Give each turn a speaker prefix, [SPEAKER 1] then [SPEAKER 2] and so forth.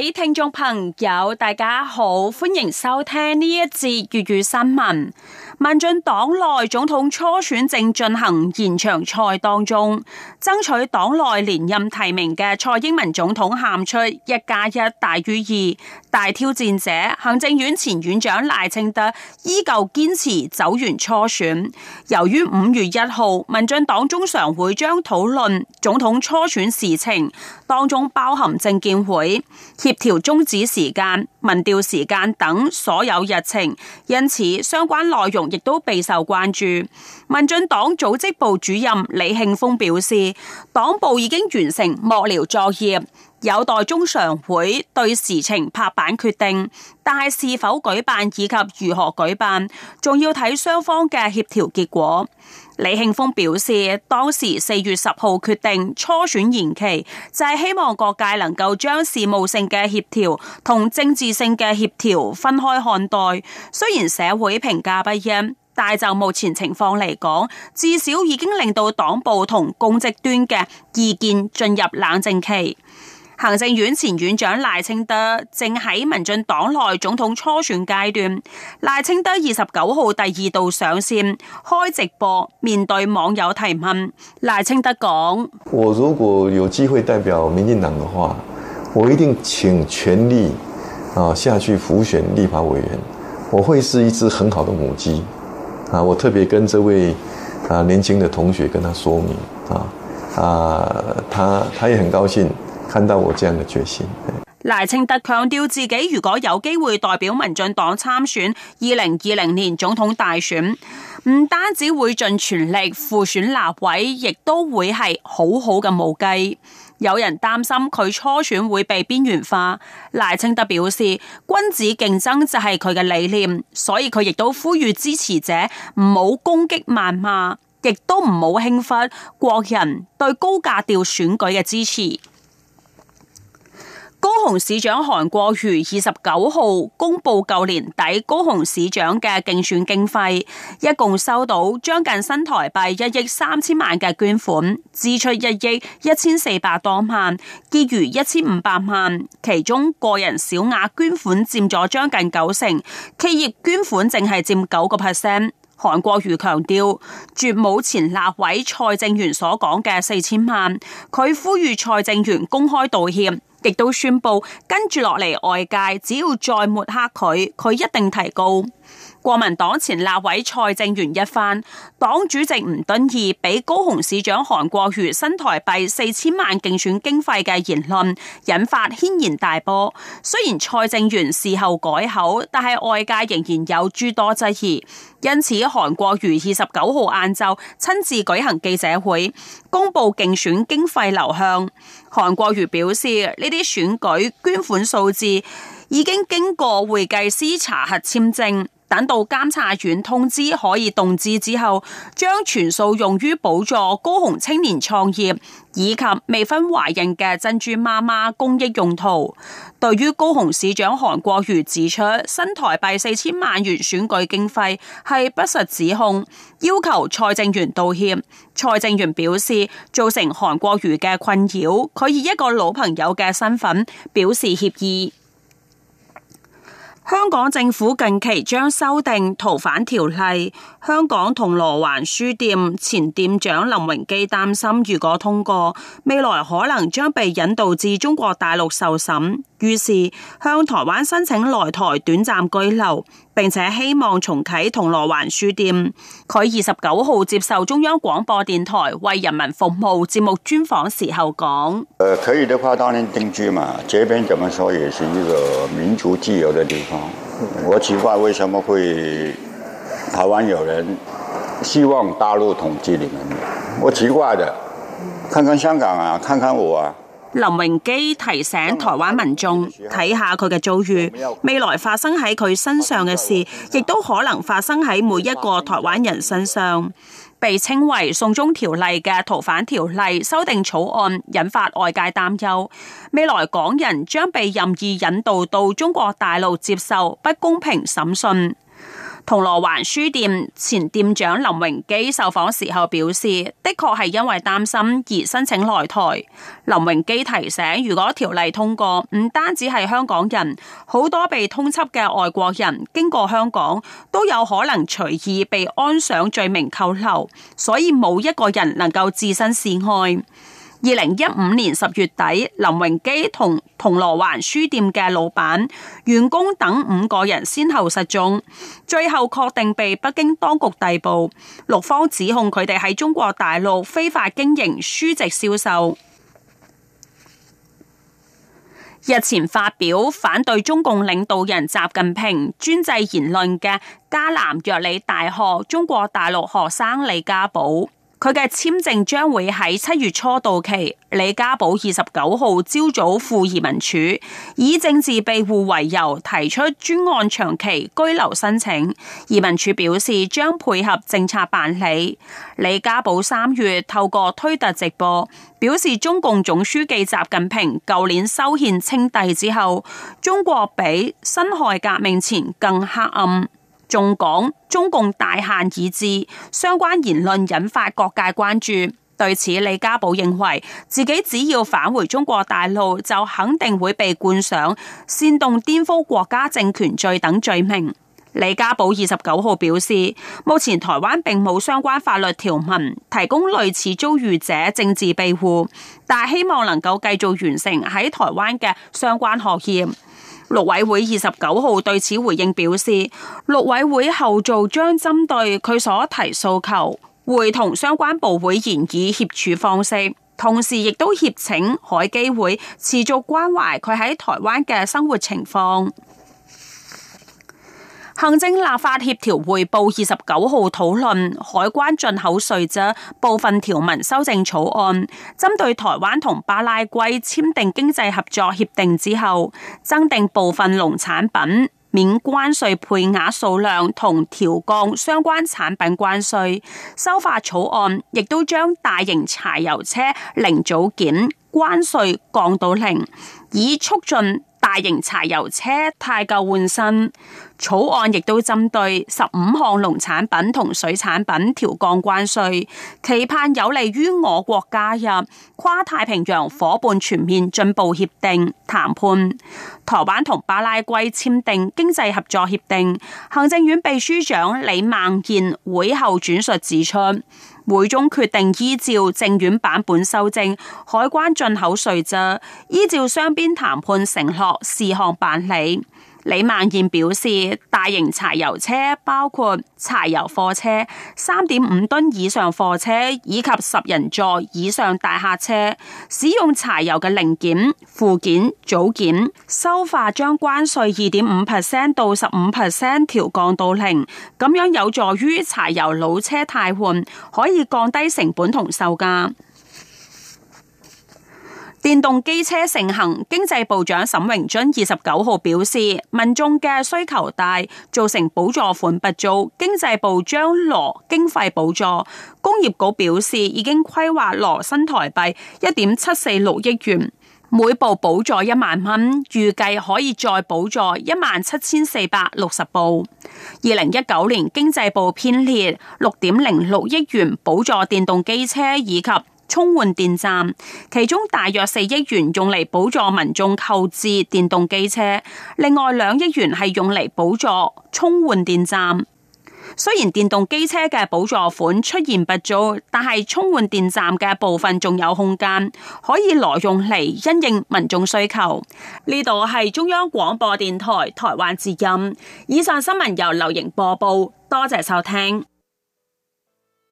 [SPEAKER 1] 各位聽眾朋友，大家好，歡迎收聽呢一節粵語新聞。民進黨內總統初選正進行延長賽當中，爭取黨內連任提名嘅蔡英文總統喊出一加一大於二，大挑戰者行政院前院長賴清德依舊堅持走完初選。由於五月一號，民進黨中常會將討論。總統初選時程當中包含政見會、協調終止時間、民調時間等所有日程，因此相關內容亦都備受關注。民進黨組織部主任李慶峰表示，黨部已經完成幕僚作業，有待中常會對時程拍板決定，但係是否舉辦以及如何舉辦，仲要睇雙方嘅協調結果。李慶峰表示，當時四月十號決定初選延期，就係、是、希望各界能夠將事務性嘅協調同政治性嘅協調分開看待。雖然社會評價不一，但就目前情況嚟講，至少已經令到黨部同公職端嘅意見進入冷靜期。行政院前院長賴清德正喺民進黨內總統初選階段，賴清德二十九號第二度上綫開直播，面對網友提問，賴清德講：我如果有機會代表民進黨嘅話，我一定請全力啊下去輔選立法委員，我會是一隻很好的母雞啊！我特別跟這位啊年輕的同學跟他說明啊，啊他他也很高興。看到我這樣嘅決心。賴清德強調自己如果有機會代表民進黨參選二零二零年總統大選，唔單止會盡全力輔選立委，亦都會係好好嘅母雞。有人擔心佢初選會被邊緣化，賴清德表示，君子競爭就係佢嘅理念，所以佢亦都呼籲支持者唔好攻擊謾罵，亦都唔好輕忽國人對高格調選舉嘅支持。高雄市長韓國瑜二十九號公佈舊年底高雄市長嘅競選經費，一共收到將近新台幣一億三千萬嘅捐款，支出一億一千四百多萬，結餘一千五百萬。其中個人小額捐款佔咗將近九成，企業捐款淨係佔九個 percent。韓國瑜強調，絕冇前立委蔡正元所講嘅四千萬。佢呼籲蔡正元公開道歉。亦都宣布跟住落嚟，外界只要再抹黑佢，佢一定提告。國民黨前立委蔡正元一番，黨主席吳敦義俾高雄市長韓國瑜新台幣四千萬競選經費嘅言論，引發軒然大波。雖然蔡正元事後改口，但係外界仍然有諸多質疑。因此，韓國瑜二十九號晏晝親自舉行記者會，公布競選經費流向。韓國瑜表示，呢啲選舉捐款數字已經經過會計師查核簽證。等到監察院通知可以動支之後，將全數用於補助高雄青年創業，以及未婚懷孕嘅珍珠媽媽公益用途。對於高雄市長韓國瑜指出新台幣四千萬元選舉經費係不實指控，要求蔡正元道歉。蔡正元表示，造成韓國瑜嘅困擾，佢以一個老朋友嘅身份表示歉意。香港政府近期將修訂逃犯條例，香港銅鑼灣書店前店長林榮基擔心，如果通過，未來可能將被引渡至中國大陸受審，於是向台灣申請來台短暫居留，並且希望重啟銅鑼灣書店。佢二十九號接受中央廣播電台為人民服務節目專訪時候講：誒、呃，可以的話，當然定居嘛，這邊怎麼說也是一個民主自由的地方。我奇怪為什麼會台灣有人希望大陸統治你們？我奇怪的，看看香港啊，看看我啊。林榮基提醒台灣民眾，睇下佢嘅遭遇，未來發生喺佢身上嘅事，亦都可能發生喺每一個台灣人身上。被稱為《送中條例》嘅逃犯條例修訂草案，引發外界擔憂，未來港人將被任意引渡到中國大陸接受不公平審訊。銅鑼灣書店前店長林榮基受訪時候表示，的確係因為擔心而申請來台。林榮基提醒，如果條例通過，唔單止係香港人，好多被通緝嘅外國人經過香港都有可能隨意被安上罪名扣留，所以冇一個人能夠置身事外。二零一五年十月底，林榮基同銅鑼灣書店嘅老闆、員工等五個人先後失蹤，最後確定被北京當局逮捕。陸方指控佢哋喺中國大陸非法經營書籍銷售。日前發表反對中共領導人習近平專制言論嘅嘉南藥理大學中國大陸學生李家寶。佢嘅簽證將會喺七月初到期。李家寶二十九號朝早赴移民署，以政治庇護為由提出專案長期居留申請。移民署表示將配合政策辦理。李家寶三月透過推特直播，表示中共總書記習近平舊年修憲稱帝之後，中國比辛亥革命前更黑暗。仲講中共大限已至，相關言論引發各界關注。對此，李家寶認為自己只要返回中國大陸，就肯定會被冠上煽動顛覆國家政權罪等罪名。李家寶二十九號表示，目前台灣並冇相關法律條文提供類似遭遇者政治庇護，但希望能夠繼續完成喺台灣嘅相關學業。陸委會二十九號對此回應表示，陸委會後續將針對佢所提訴求，會同相關部會研擬協處方式，同時亦都協請海基會持續關懷佢喺台灣嘅生活情況。行政立法協調會報二十九號討論海關進口稅則部分條文修正草案，針對台灣同巴拉圭簽訂經濟合作協定之後，增定部分農產品免關稅配額數量同調降相關產品關稅。修法草案亦都將大型柴油車零組件關稅降到零。以促進大型柴油車汰舊換新，草案亦都針對十五項農產品同水產品調降關稅，期盼有利於我國加入跨太平洋夥伴全面進步協定談判。台灣同巴拉圭簽訂經濟合作協定，行政院秘書長李孟諺會後轉述指出。會中決定依照政院版本修正海關進口稅則，依照雙邊談判承諾事項辦理。李萬賢表示，大型柴油車包括柴油貨車、三點五噸以上貨車以及十人座以上大客車使用柴油嘅零件、附件、組件，收化將關稅二點五 percent 到十五 percent 調降到零，咁樣有助於柴油老車汰換，可以降低成本同售價。電動機車盛行，經濟部長沈榮津二十九號表示，民眾嘅需求大，造成補助款不足。經濟部將挪經費補助，工業局表示已經規劃挪新台幣一點七四六億元，每部補助一萬蚊，預計可以再補助一萬七千四百六十部。二零一九年經濟部編列六點零六億元補助電動機車以及。充換電站，其中大約四億元用嚟補助民眾購置電動機車，另外兩億元係用嚟補助充換電站。雖然電動機車嘅補助款出現不足，但係充換電站嘅部分仲有空間，可以挪用嚟因應民眾需求。呢度係中央廣播電台台灣之音，以上新聞由劉瑩播報，多謝收聽。